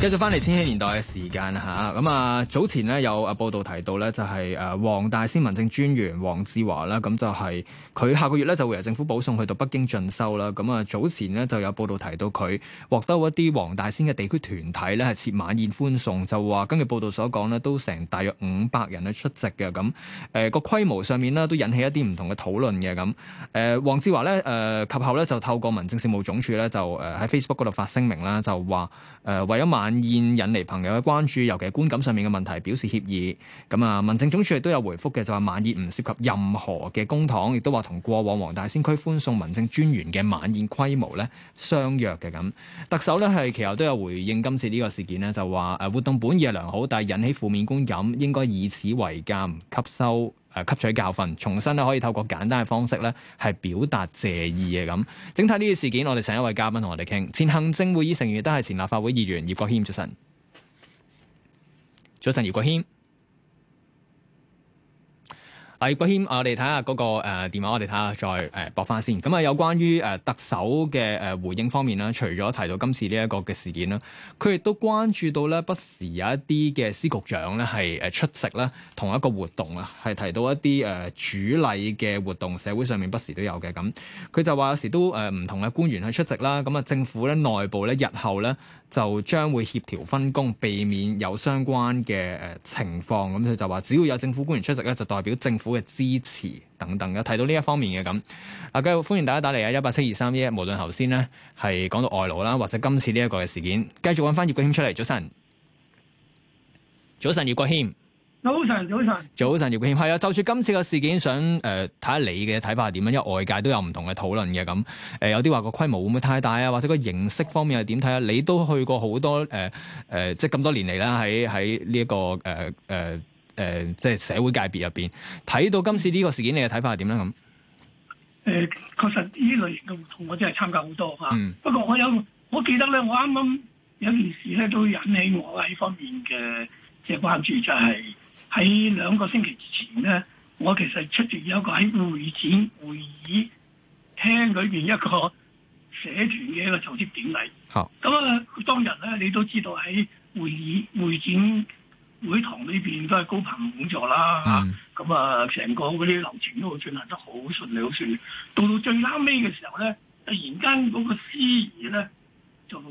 繼續翻嚟千禧年代嘅時間啦，咁啊早前呢，有啊報道提到咧就係誒黃大仙民政專員黃志華啦，咁就係、是、佢下個月咧就會由政府保送去到北京進修啦。咁啊早前呢，就有報道提到佢獲得一啲黃大仙嘅地區團體咧係設晚宴歡送，就話根據報道所講呢，都成大約五百人咧出席嘅咁，誒、呃、個規模上面呢，都引起一啲唔同嘅討論嘅咁。誒黃、呃、志華咧誒、呃、及後咧就透過民政事務總署咧就誒喺 Facebook 嗰度發聲明啦，就話誒、呃、為咗晚晚宴引嚟朋友嘅關注，尤其觀感上面嘅問題，表示歉意。咁啊，民政總署亦都有回覆嘅，就話晚宴唔涉及任何嘅公帑，亦都話同過往黃大仙區歡送民政專員嘅晚宴規模呢，相若嘅咁。特首呢係其後都有回應今次呢個事件呢，就話誒活動本意係良好，但係引起負面觀感，應該以此為鑑吸收。誒吸取教訓，重新咧可以透過簡單嘅方式咧，係表達謝意嘅咁。整體呢個事件，我哋成一位嘉賓同我哋傾。前行政會議成員，都係前立法會議員葉國謙，早晨。早晨，葉國謙。葉國謙，我哋睇下嗰個誒電話，我哋睇下再誒駁翻先。咁、嗯、啊，有關於誒、呃、特首嘅誒、呃、回應方面咧，除咗提到今次呢一個嘅事件啦，佢亦都關注到咧，不時有一啲嘅司局長咧係誒出席咧同一個活動啊，係提到一啲誒、呃、主禮嘅活動，社會上面不時都有嘅。咁、嗯、佢就話有時都誒唔、呃、同嘅官員去出席啦。咁、嗯、啊，政府咧內部咧日後咧。就將會協調分工，避免有相關嘅誒情況。咁佢就話，只要有政府官員出席咧，就代表政府嘅支持等等有睇到呢一方面嘅咁，啊，繼續歡迎大家打嚟啊！一八七二三一，無論頭先呢係講到外勞啦，或者今次呢一個嘅事件，繼續揾翻葉國謙出嚟。早晨，早晨，葉國謙。早晨，早晨。早晨，葉國謙係啊，就算今次嘅事件想，想誒睇下你嘅睇法係點樣，因為外界都有唔同嘅討論嘅咁。誒、呃，有啲話個規模會唔會太大啊，或者個形式方面係點睇啊？你都去過好多誒誒、呃呃，即係咁多年嚟啦，喺喺呢一個誒誒誒，即係社會界別入邊，睇到今次呢個事件，你嘅睇法係點咧咁？誒，確、呃、實呢類型嘅活動，我真係參加好多吓。不過我有，我記得咧，我啱啱有件事咧，都引起我喺呢方面嘅即係關注，就係、是。喺兩個星期之前咧，我其實出席有一個喺會展會議廳裏邊一個社團嘅一個就職典禮。咁啊， 當日咧你都知道喺會議會展會堂裏邊都係高朋滿座啦嚇。咁啊，成、 嗯、個嗰啲流程都進行得好順利，利，好順利。到到最啱尾嘅時候咧，突然間嗰個司儀咧就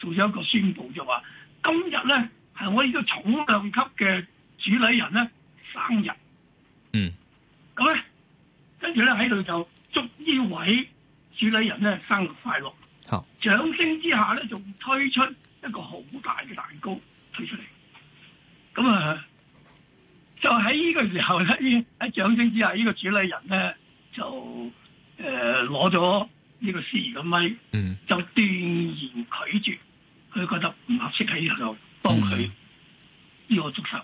做咗一個宣佈，就話今日咧係我呢個重量級嘅。主禮人咧生日，嗯，咁咧，跟住咧喺度就祝呢位主禮人咧生日快樂，好，掌聲之下咧仲推出一個好大嘅蛋糕推出嚟，咁啊，就喺呢個時候咧喺掌聲之下，呢個主禮人咧就誒攞咗呢個司儀嘅咪，嗯，就斷然拒絕，佢覺得唔合適喺度就幫佢呢個祝壽。嗯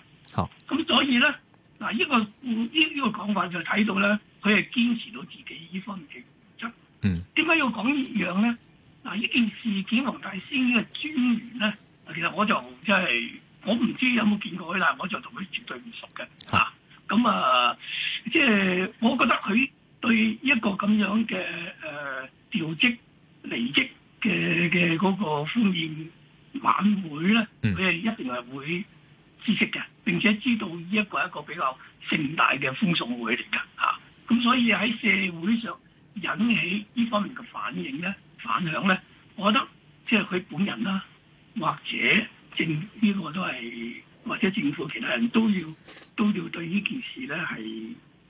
咁所以咧，嗱呢個呢呢個講法就睇到咧，佢係堅持到自己呢方面嘅原則。嗯，點解要講呢樣咧？嗱呢件事件，黃大仙呢個專員咧，其實我就即係我唔知有冇見過佢啦，我就同佢絕對唔熟嘅。嚇，咁啊，即係我覺得佢對一個咁樣嘅誒調職離職嘅嘅嗰個歡宴晚會咧，佢係一定係會。知識嘅，並且知道呢一個係一個比較盛大嘅歡送會嚟㗎嚇，咁、啊、所以喺社會上引起呢方面嘅反應咧、反響咧，我覺得即係佢本人啦，或者政呢、這個都係，或者政府其他人都要都要對呢件事咧係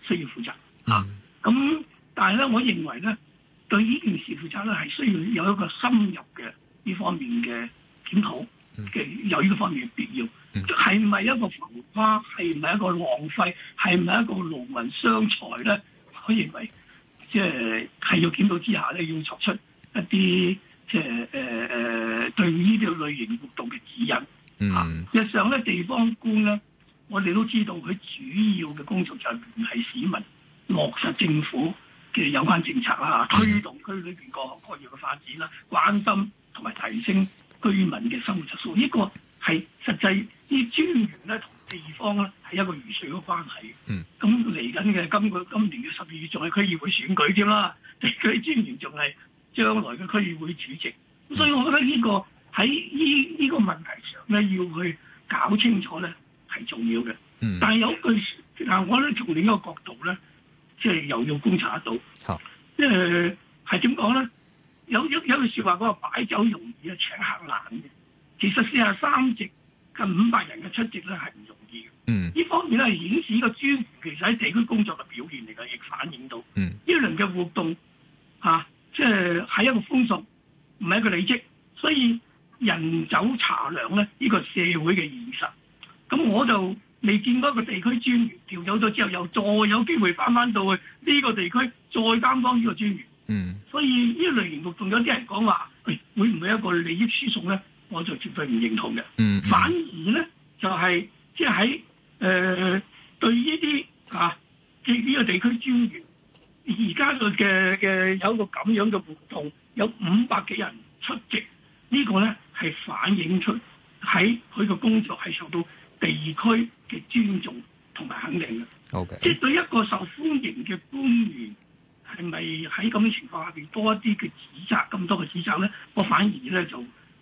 需要負責啊。咁、嗯、但係咧，我認為咧，對呢件事負責咧係需要有一個深入嘅呢方面嘅檢討，嘅、嗯、有呢個方面嘅必要。係咪一個浮誇？係咪一個浪費？係咪一個勞民傷財咧？我認為即係係要檢討之下咧，要作出一啲即係誒誒對呢啲類型活動嘅指引嚇、啊。日常咧，地方官咧，我哋都知道佢主要嘅工作就係聯繫市民，落實政府嘅有關政策啦、啊，推動區裏邊個各行各業嘅發展啦，關心同埋提升居民嘅生活質素。呢、這個係實際。啲專員咧同地方咧係一個魚水嘅關係，咁嚟緊嘅今個今年嘅十二月仲係區議會選舉添啦，地區專員仲係將來嘅區議會主席，嗯、所以我覺得呢、這個喺呢呢個問題上咧，要去搞清楚咧係重要嘅、嗯。但係有句，嗱，我咧從另一個角度咧，即、就、係、是、又要觀察得到，即係係點講咧？有有有句說話講話擺酒容易啊，請客難嘅。其實先啊三席。近五百人嘅出席咧，係唔容易嘅。嗯，呢方面咧，顯示呢個專員其實喺地區工作嘅表現嚟嘅，亦反映到。嗯，呢輪嘅活動，嚇、啊，即係係一個風俗，唔係一個利益，所以人走茶涼咧，呢、這個社會嘅現實。咁我就未見過一個地區專員調走咗之後，又再有機會返返到去呢個地區再擔當呢個專員。嗯，所以呢類型活動有啲人講話，誒、哎，會唔會一個利益輸送咧？我就絕對唔認同嘅。Mm hmm. 反而咧，就係即係喺誒對呢啲啊，呢個地區專員而家佢嘅嘅有一個咁樣嘅活動，有五百幾人出席，這個、呢個咧係反映出喺佢嘅工作係受到地區嘅尊重同埋肯定嘅。O K，即對一個受歡迎嘅官員，係咪喺咁嘅情況下邊多一啲嘅指責，咁多嘅指責咧？我反而咧就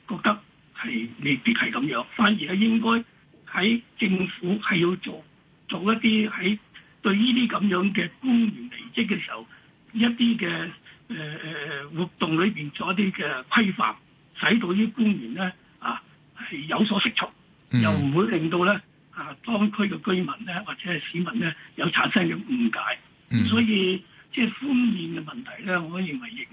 覺得。係未必係咁樣，反而係應該喺政府係要做做一啲喺對呢啲咁樣嘅官員離職嘅時候，一啲嘅誒誒活動裏邊做一啲嘅規範，使到啲官員咧啊係有所適從，又唔會令到咧啊當區嘅居民咧或者係市民咧有產生嘅誤解。嗯、所以即係負面嘅問題咧，我認為亦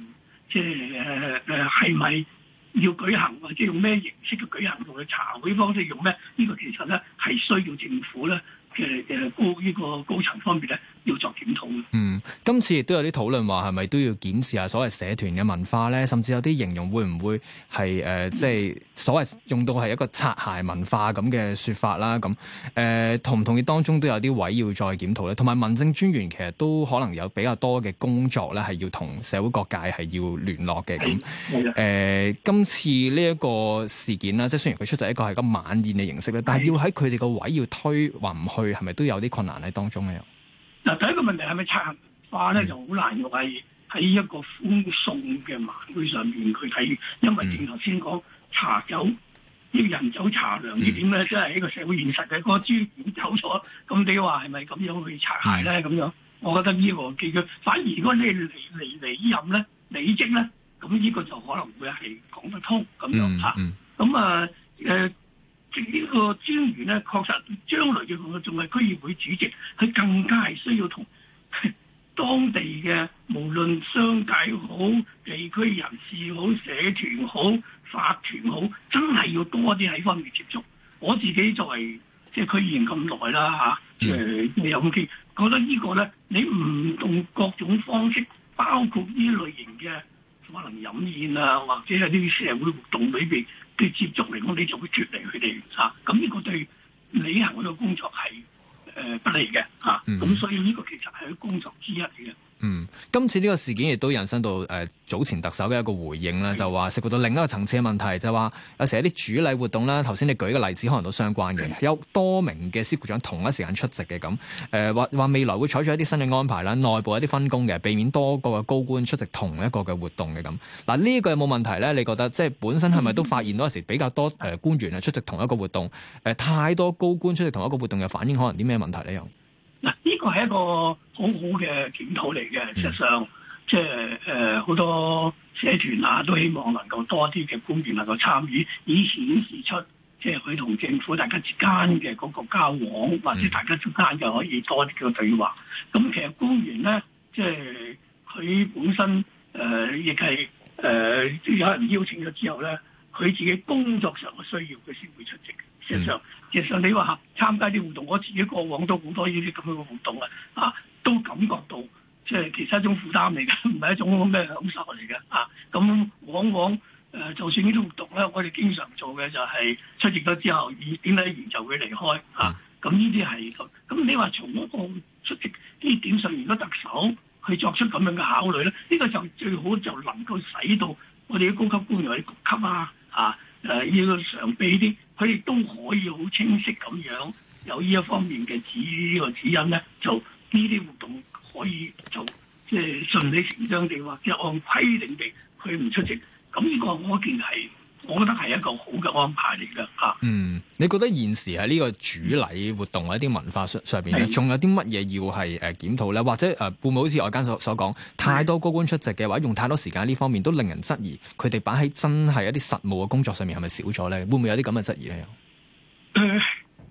即係誒誒係咪？呃是要舉行或者用咩形式嘅舉行，同埋茶會方式用咩？呢、這個其實咧係需要政府咧嘅嘅高呢、這個高層方面嘅。要作檢討嘅。嗯，今次亦都有啲討論話，係咪都要檢視下所謂社團嘅文化咧？甚至有啲形容會唔會係誒、呃，即係所謂用到係一個擦鞋文化咁嘅説法啦？咁誒、呃，同唔同意當中都有啲位要再檢討咧？同埋，民政專員其實都可能有比較多嘅工作咧，係要同社會各界係要聯絡嘅咁誒。今次呢一個事件啦，即係雖然佢出席一個係咁晚宴嘅形式咧，但係要喺佢哋個位要推話唔去，係咪都有啲困難喺當中嘅？第一個問題係咪拆行化咧、嗯、就好難用係喺一個歡送嘅晚會上面去睇，因為正如頭先講，茶酒，要人走茶涼、嗯、呢點咧，即係喺個社會現實嘅嗰個專員走咗，咁你話係咪咁樣去拆鞋咧咁樣？我覺得呢、呢個嘅，反而如果你離離離任咧，離職咧，咁呢個就可能會係講得通咁樣嚇。咁、嗯嗯、啊誒。呃呃個專呢個專員咧，確實將來嘅仲係區議會主席，佢更加係需要同當地嘅無論商界好、地區人士好、社團好、法團好，真係要多啲喺方面接觸。我自己作為即係區議員咁耐啦嚇，誒 Yeah.、呃、你有咁見，覺得個呢個咧，你唔同各種方式，包括呢類型嘅可能飲宴啊，或者係啲社會活動裏邊。嘅接觸嚟講，你就會絕離佢哋嚇，咁呢個對履行嘅工作係誒、呃、不利嘅嚇，咁、啊嗯啊、所以呢個其實係個工作之一嚟嘅。嗯，今次呢個事件亦都引申到誒、呃、早前特首嘅一個回應啦，就話涉及到另一個層次嘅問題，就話、是、有時一啲主禮活動啦，頭先你舉嘅例子可能都相關嘅，有多名嘅司局長同一時間出席嘅咁，誒話話未來會採取一啲新嘅安排啦，內部一啲分工嘅，避免多個高官出席同一個嘅活動嘅咁。嗱呢、呃呢個有冇問題咧？你覺得即係本身係咪都發現到有時比較多誒、呃、官員係出席同一個活動，誒、呃、太多高官出席同一個活動嘅反應，可能啲咩問題咧？又？嗱，呢個係一個好好嘅檢討嚟嘅。事實上，即係誒好多社團啊，都希望能夠多啲嘅官員能夠參與，以顯示出即係佢同政府大家之間嘅嗰個交往，或者大家之間又可以多啲嘅對話。咁其實官員咧，即係佢本身誒，亦係誒，即係、呃、有人邀請咗之後咧，佢自己工作上嘅需要，佢先會出席。事、嗯、實上，事實你話參加啲活動，我自己過往都好多呢啲咁樣嘅活動啊，啊都感覺到即係其實一種負擔嚟嘅，唔係一種咩享受嚟嘅啊。咁往往誒、呃，就算呢啲活動咧，我哋經常做嘅就係出席咗之後，以點解完就會離開啊。咁呢啲係咁。咁、啊、你話從一個出席呢點上，如果特首去作出咁樣嘅考慮咧，呢、呢個就最好就能夠使到我哋啲高級官員、局級啊啊誒、啊啊，要常備啲。佢亦都可以好清晰咁樣，有呢一方面嘅指呢、呢個指引咧，就呢啲活動可以做，即係順理成章地或者按規定地，佢唔出席，咁呢個我見係。我覺得係一個好嘅安排嚟㗎嚇。啊、嗯，你覺得現時喺呢個主禮活動或者啲文化上上邊咧，仲的有啲乜嘢要係誒檢討咧？或者誒、呃，會唔會好似外間所所講，太多高官出席嘅話，用太多時間喺呢方面，都令人質疑佢哋擺喺真係一啲實務嘅工作上面係咪少咗咧？會唔會有啲咁嘅質疑咧、呃？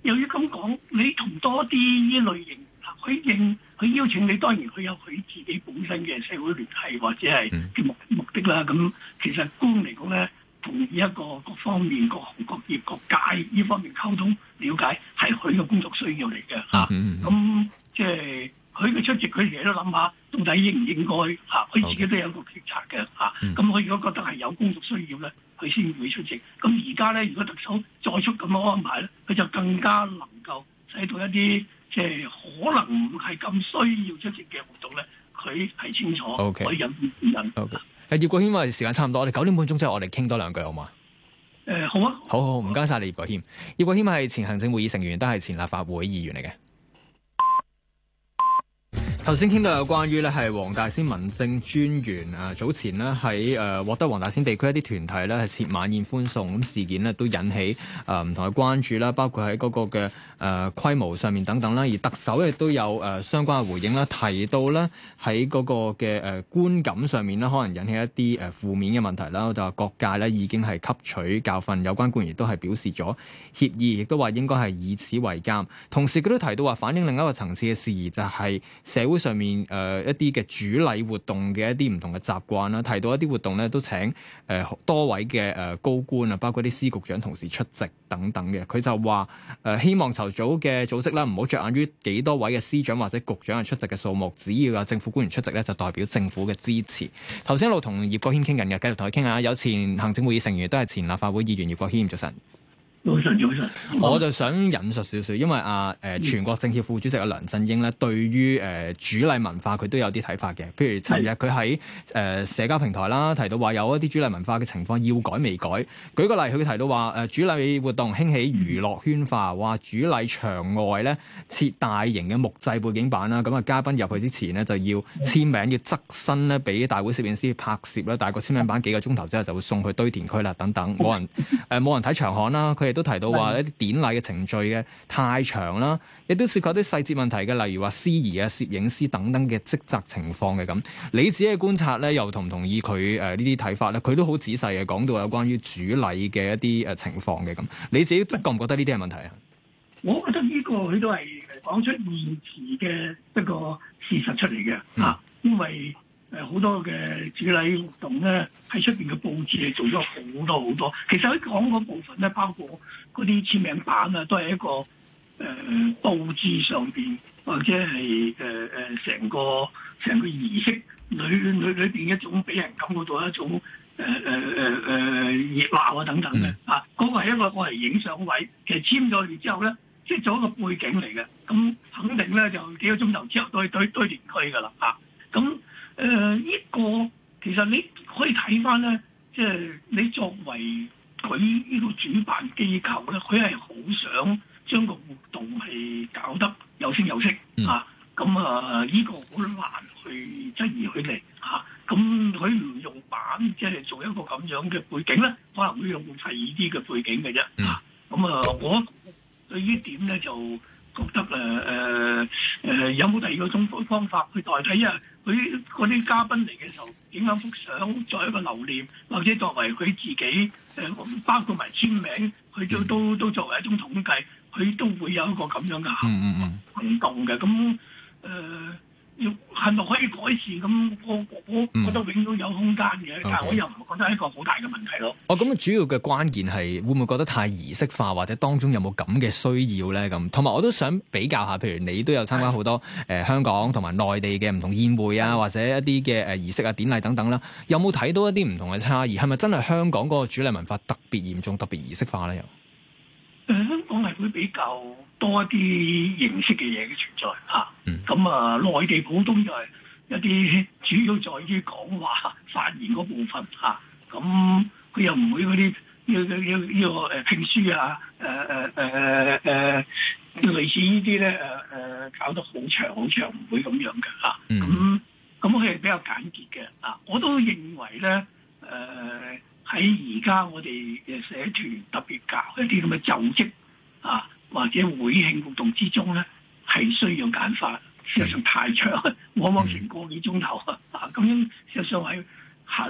由於咁講，你同多啲呢類型，佢認佢邀請你，當然佢有佢自己本身嘅社會聯繫或者係嘅目、嗯、目的啦。咁其實官嚟講咧。同呢一個各方面、各行各業、各界呢方面溝通了解，係佢嘅工作需要嚟嘅。嚇、嗯，咁即係佢嘅出席，佢成日都諗下，到底應唔應該？嚇，佢自己都有個決策嘅。嚇，咁佢如果覺得係有工作需要咧，佢先會出席。咁而家咧，如果特首再出咁嘅安排咧，佢就更加能夠使到一啲即係可能唔係咁需要出席嘅活動咧，佢係清楚可以有人。Okay, 葉國謙，話時間差唔多，我哋九點半鐘之後，我哋傾多兩句好嘛？好啊，呃、好，好，好好，唔該晒你，葉國謙。葉國謙係前行政會議成員，都係前立法會議員嚟嘅。頭先傾到有關於咧係黃大仙民政專員啊，早前咧喺誒獲得黃大仙地區一啲團體咧係設晚宴歡送，咁事件咧都引起誒唔、呃、同嘅關注啦，包括喺嗰個嘅誒、呃、規模上面等等啦，而特首亦都有誒、呃、相關嘅回應啦，提到咧喺嗰個嘅誒、呃、觀感上面啦，可能引起一啲誒、呃、負面嘅問題啦，就、呃、話各界咧已經係吸取教訓，有關官員都係表示咗歉意，亦都話應該係以此為鑑，同時佢都提到話反映另一個層次嘅事宜就係、是、社。會上面誒、呃、一啲嘅主禮活動嘅一啲唔同嘅習慣啦，提到一啲活動咧都請誒、呃、多位嘅誒、呃、高官啊，包括啲司局長同時出席等等嘅。佢就話誒、呃、希望籌組嘅組織咧，唔好着眼於幾多位嘅司長或者局長啊出席嘅數目，只要有政府官員出席咧，就代表政府嘅支持。頭先一路同葉國謙傾緊嘅，繼續同佢傾下。有前行政會議成員都係前立法會議員葉國謙，唔做神。早晨，早晨。我就想引述少少，因為阿誒、呃、全國政協副主席嘅梁振英咧，對於誒、呃、主禮文化佢都有啲睇法嘅。譬如尋日佢喺誒社交平台啦，提到話有一啲主禮文化嘅情況要改未改。舉個例，佢提到話誒、呃、主禮活動興起娛樂圈化，話主禮場外咧設大型嘅木製背景板啦，咁啊嘉賓入去之前呢就要簽名，要側身咧俾大會攝影師拍攝啦，大概簽名板幾個鐘頭之後就會送去堆填區啦，等等，冇人誒冇、呃、人睇場刊啦，佢哋。亦都提到話一啲典禮嘅程序嘅太長啦，亦都涉及一啲細節問題嘅，例如話司儀啊、攝影師等等嘅職責情況嘅咁。你自己嘅觀察咧，又同唔同意佢誒呢啲睇法咧？佢都好仔細嘅講到有關於主禮嘅一啲誒情況嘅咁。你自己覺唔覺得呢啲係問題啊？我覺得呢個佢都係講出現時嘅一個事實出嚟嘅啊，嗯、因為。誒好多嘅主禮活動咧，喺出邊嘅佈置係做咗好多好多。其實喺講嗰部分咧，包括嗰啲簽名板啊，都係一個誒佈置上邊，或者係誒誒成個成個儀式裏裏裏邊一種俾人感受到一種誒誒誒誒熱鬧啊等等嘅、mm hmm. 啊。嗰個係一個我嚟影相位，其實簽咗名之後咧，即係做一個背景嚟嘅。咁肯定咧，就幾個鐘頭之後都係堆填區噶啦啊，咁。誒呢、呃、個其實你可以睇翻咧，即係你作為佢呢個主辦機構咧，佢係好想將個活動係搞得有聲有色、嗯、啊！咁、嗯、啊、呢、這個好難去質疑佢哋嚇。咁佢唔用版，即係做一個咁樣嘅背景咧，可能會用費二 D 嘅背景嘅啫。咁、嗯、啊、嗯，我對於點咧就～覺得誒誒誒有冇第二嗰種方法去代替啊？因為佢嗰啲嘉賓嚟嘅時候，影緊幅相作為一個留念，或者作為佢自己誒、呃，包括埋簽名，佢都都都作為一種統計，佢都會有一個咁樣嘅行動嘅咁誒。嗯嗯嗯係咪可以改善咁？我我我我覺得永遠都有空間嘅，但係我又唔覺得係一個好大嘅問題咯。哦，咁、哦嗯、主要嘅關鍵係會唔會覺得太儀式化，或者當中有冇咁嘅需要咧？咁同埋我都想比較下，譬如你都有參加好多誒的、呃、香港同埋內地嘅唔同宴會啊，或者一啲嘅誒儀式啊、典禮等等啦，有冇睇到一啲唔同嘅差異？係咪真係香港嗰個主禮文化特別嚴重，特別儀式化咧？又？香港係會比較多一啲形式嘅嘢嘅存在嚇。咁啊內地普通就係一啲主要在於講話發言嗰部分嚇，咁佢又唔會嗰啲要要要要誒拼書啊誒誒誒誒類似呢啲咧誒誒搞得好長好長，唔會咁樣嘅嚇，咁咁佢係比較簡潔嘅啊，我都認為咧誒。 喺而家我哋嘅社團特別搞一啲咁嘅就職啊，或者會慶活動之中咧，係需要簡化，事實上太長，嗯、往往成個幾鐘頭啊，咁樣事實上喺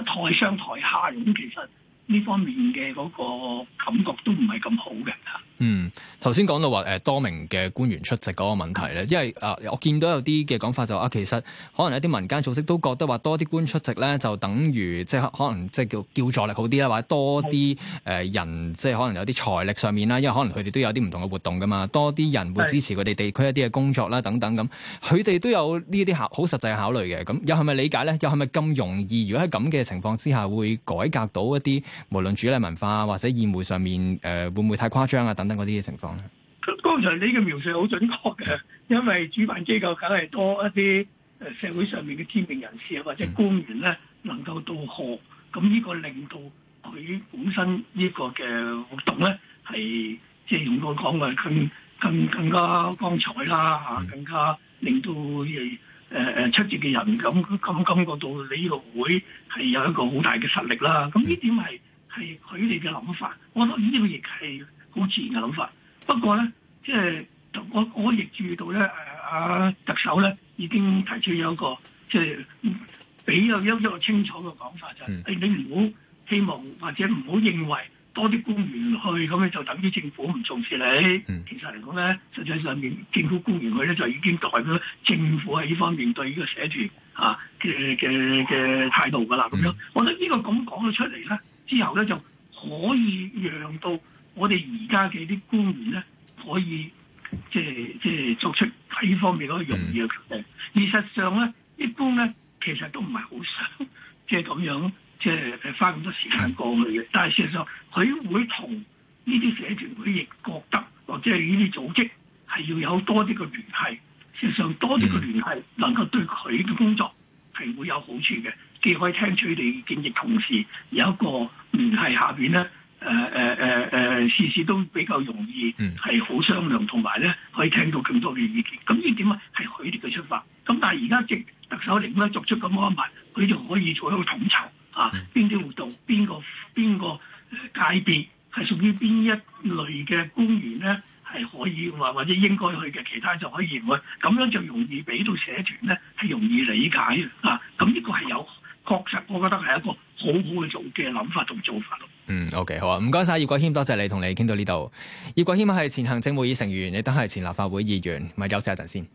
台上台下，咁其實呢方面嘅嗰個感覺都唔係咁好嘅嚇。嗯，頭先講到話誒、呃、多名嘅官員出席嗰個問題咧，因為啊、呃，我見到有啲嘅講法就話、啊，其實可能一啲民間組織都覺得話多啲官出席咧，就等於即係可能即係叫叫助力好啲啦，或者多啲誒、呃、人，即係可能有啲財力上面啦，因為可能佢哋都有啲唔同嘅活動噶嘛，多啲人會支持佢哋地區一啲嘅工作啦等等咁，佢哋都有呢啲好實際嘅考慮嘅，咁、嗯、又係咪理解咧？又係咪咁容易？如果喺咁嘅情況之下，會改革到一啲無論主禮文化或者宴會上面誒、呃，會唔會太誇張啊等等？等等嗰啲嘅情況咧，剛才你嘅描述好準確嘅，因為主辦機構梗係多一啲誒社會上面嘅知名人士啊，或者官員咧，能夠到賀，咁呢個令到佢本身呢個嘅活動咧，係即係用我講嘅，更更更加光彩啦嚇，嗯、更加令到誒誒、呃、出席嘅人咁咁感覺到你呢個會係有一個好大嘅實力啦。咁呢點係係佢哋嘅諗法，我覺得呢個亦係好自然嘅諗法，不過咧，即係我我亦注意到咧，誒啊特首咧已經提出咗一個即係比較優一個清楚嘅講法，就係，就係誒你唔好希望或者唔好認為多啲官員去咁樣就等於政府唔重視你。嗯、其實嚟講咧，實際上面政府官員去咧就已經代表政府喺呢方面對呢個社團啊嘅嘅嘅態度㗎啦。咁、嗯、樣，我覺得呢個咁講咗出嚟咧，之後咧就可以讓到。我哋而家嘅啲官員咧，可以即係即係作出呢方面嗰個容易嘅決定。事實上咧，一般咧其實都唔係好想即係咁樣，即係花咁多時間過去嘅。但係事實上，佢會同呢啲社團會亦覺得，或者係呢啲組織係要有多啲嘅聯繫。事實上，多啲嘅聯繫能夠對佢嘅工作係會有好處嘅，既可以聽取你建議同事有一個聯繫下邊咧。誒誒誒誒，事、呃呃呃、事都比較容易，係好商量，同埋咧可以聽到更多嘅意見。咁呢點啊，係佢哋嘅出發。咁但係而家即特首嚟咧作出咁安排，佢就可以做一個統籌啊。邊啲活動，邊個邊個界別係屬於邊一類嘅官員咧，係可以話或者應該去嘅，其他就可以唔去。咁樣就容易俾到社團咧係容易理解嘅啊。咁呢個係有，確實我覺得係一個好好嘅做嘅諗法同做法。嗯，OK，好啊，唔該晒葉國謙，多謝你同你傾到呢度。葉國謙係前行政會議成員，亦都係前立法會議員，咪休息一陣先。